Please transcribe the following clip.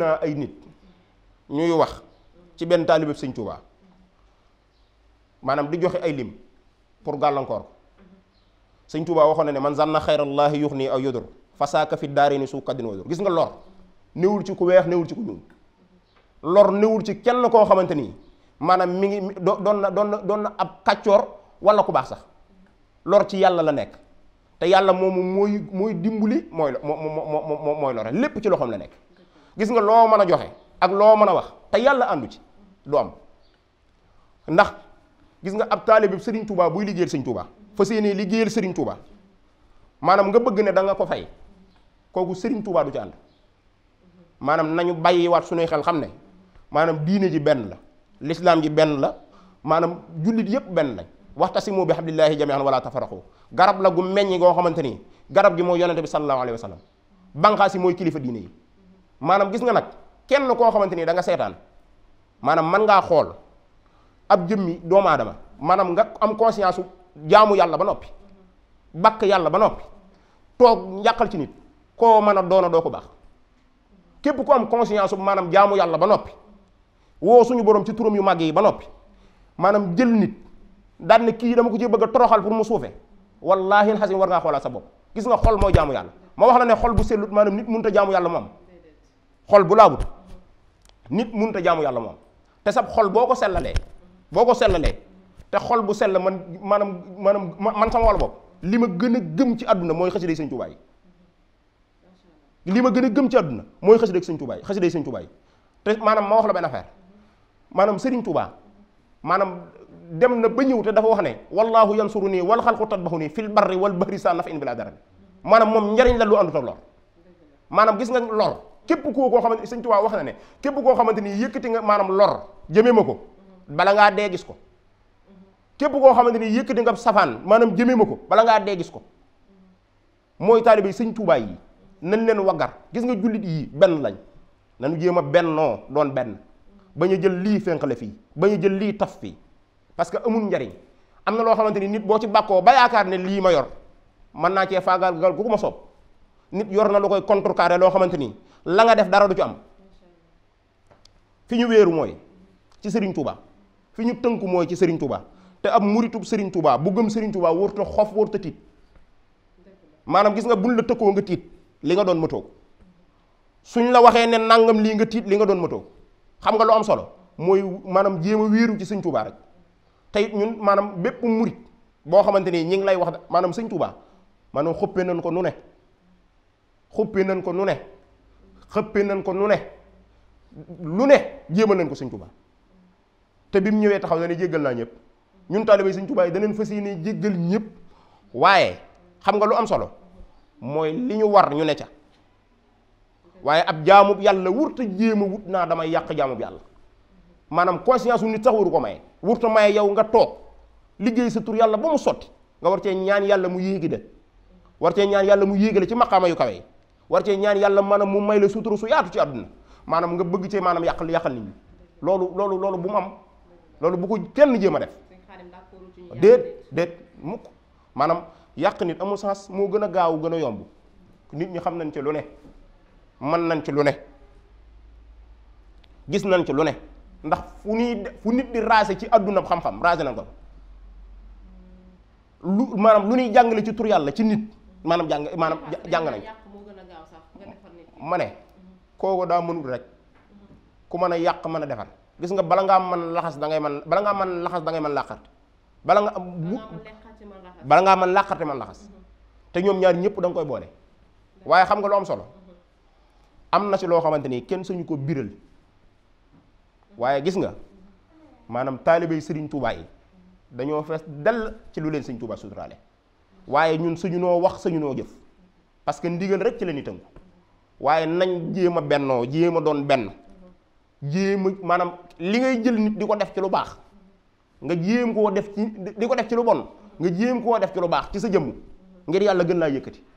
naa ay nit ñuy wax ci benn taalibe sëñ Tuubaa maanaam di joxe ay lim pour gàllankoor ko sëñ Tuubaa waxoon na ne man zanna xayrallaahi yux nii aw yodur fasaaka fi daari ni suu kaddin wadur gis nga lor néwul ci ku weex néwul ci ku ñuul lor néwul ci kenn koo xamante nii maanaam mi ngi doon na doon na doon na ab kàccoor wala ku baax sax lor ci yàlla la nekk te yàlla moomu mooy mooy dimbali mooy mooy lore lépp ci loxoom la nekk gis nga loo mën a joxe ak loo mën a wax te yàlla àndu ci du am ndax gis nga ab taalibe bi Serigne Touba buy liggéeyal Serigne Touba fa yéenee liggéeyal Serigne Touba maanaam nga bëgg ne da ko fay kooku sëriñ Touba du ci ànd maanaam nañu bàyyiwaat suñuy xel xam ne maanaam diine ji benn la lislaam ji benn la maanaam jullit yëpp benn waxta lañ waxtasimu bi hablillahi jami'an wala tafarraqu garab la gu meññ goo xamante ni garab gi mooy yonente bi sallallahu alayhi wa sallam mooy kilifa diine maanaam gis nga nag kenn koo xamante ni da nga seetaan maanaam man ngaa xool ab jëmmi doomu aadama maanaam nga am conscience su jaamu yàlla ba noppi bakk yàlla ba noppi toog njàqal ci nit koo mën a doona doo ko baax képp ku am conscience su maanaam jaamu yàlla ba noppi woo suñu borom ci turam yu màgg yi ba noppi maanaam jël nit daan ne kii dama ko ci bëgg a toroxal pour mu suufe wallaahi xasin war ngaa xoolaat sa bopp gis nga xol mooy jaamu yàlla ma wax la ne xol bu sellut maanaam nit mënut a jaamu yàlla moom xol bu laabut nit mënut a jaamu yàlla moom te sab xol boo ko sellalee boo ko sellalee te xol bu sell man maanaam maanaam man sama wàll bopp li ma gën a gëm ci àdduna mooy xasida yi sëñ Tuubaa yi li ma gën a gëm ci àdduna mooy xasida yi sëñ Tuubaa yi xasida yi sëñ Tuubaa yi te maanaam ma wax la benn affaire maanaam Sëriñ Tuubaa maanaam dem na ba ñëw te dafa wax ne wallahu yansuru nii wal xalqu tatbaxu nii fil barri wal bahri sa naf in bila dara maanaam moom njariñ la lu àndu ta lor maanaam gis nga lor képp koo koo xamante sëñ Tuubaa wax na ne képp koo xamante ni yëkkati nga maanaam lor jëmee ma ko bala ngaa dee gis ko képp koo xamante ni yëkkati nga safaan maanaam jëmee ma ko bala ngaa dee gis ko mooy taalibe yi sëñ Tuubaa yi nañ leen waggar gis nga jullit yi benn lañ nañu jéem a bennoo doon benn bañ a jël lii fenqale fii bañ a jël lii taf fii parce que amul njariñ am na loo xamante ni nit boo ci bàkkoo ba yaakaar ne lii ma yor mën naa cee faagaagal gu ko ma soob nit yor na lu koy contre contrecarrer loo xamante ni la nga def dara du ci am fi ñu wéeru mooy ci sëriñ Touba fi ñu tënku mooy ci Serigne Touba te ab muritub Serigne Touba bu gëm Serigne Touba wërta xof wërta tiit maanaam gis nga buñ la tëkkoo nga tiit li nga doon mëtoo suñ la waxee ne nangam lii nga tiit li nga doon mëtoo xam nga lu am solo mooy maanaam jéem a wéeru ci Serigne Touba rek tey ñun maanaam bépp murit boo xamante ni ñi ngi lay wax maanaam Serigne maanaam xoppee nañ ko nu ne. xuppee nañ ko nu ne xëppee nañ ko nu ne lu ne jéemal nañ ko sëñ Tuubaa te bi mu ñëwee taxaw na ne jéggal naa ñëpp ñun taalibay sëñ Tuubaa yi daneen fas yéene jéggal ñëpp waaye xam nga lu am solo mooy li ñu war ñu ne ca waaye ab jaamub yàlla wurta jéem a wut naa damay yàq jaamub yàlla maanaam conscience u nit sax waru ko maye wurta maye yow nga toog liggéey sa tur yàlla ba mu sotti nga war cee ñaan yàlla mu yéegi de war cee ñaan yàlla mu la ci maqaama kawe war cee ñaan yàlla maanaam mu may la sutura su yaatu ci àdduna maanaam nga bëgg cee maanaam yàqal yàqal nit ñi loolu loolu loolu bu mu am loolu bu ko kenn jéem a def déet déet mukk maanaam yàq nit amul sens moo gën a gaaw gën a yomb nit ñi xam nañ ci lu ne mën nañ ci lu ne gis nañ ci lu ne ndax fu nii fu nit di raase ci àdduna xam-xam raase nañ ko lu maanaam lu ñuy jàngale ci tur yàlla ci nit maanaam jàng maanaam jàng nañ ma ne kooku daa mënul rek ku mën a yàq mën a defar gis nga bala ngaa mën laxas da ngay bala ngaa mën laxas da ngay mën làqarte bala nga bala ngaa mën làqarte man laxas te ñoom ñaar ñëpp danga koy boole waaye xam nga lu am solo am na si loo xamante ni kenn suñu ko biral waaye gis nga maanaam taalibey sëriñ Tuubaa yi dañoo fees dell ci lu leen sëriñ Tuubaa suturaale waaye ñun suñu noo wax suñu noo jëf parce que ndigal rek ci la ñuy tënku waaye nañ jéem a bennoo jéem a doon benn jéem maanaam li ngay jël nit di ko def ci lu baax nga jéem koo def ci di ko def ci lu bon nga jéem koo def ci lu baax ci sa jëmm ngir yàlla gën laa yëkkati